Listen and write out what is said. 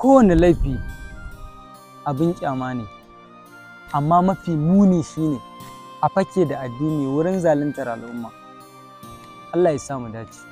kowane laifi abin kyama ne amma mafi muni shine a fake da addini wurin zaluntar al'umma Allah ya samu dace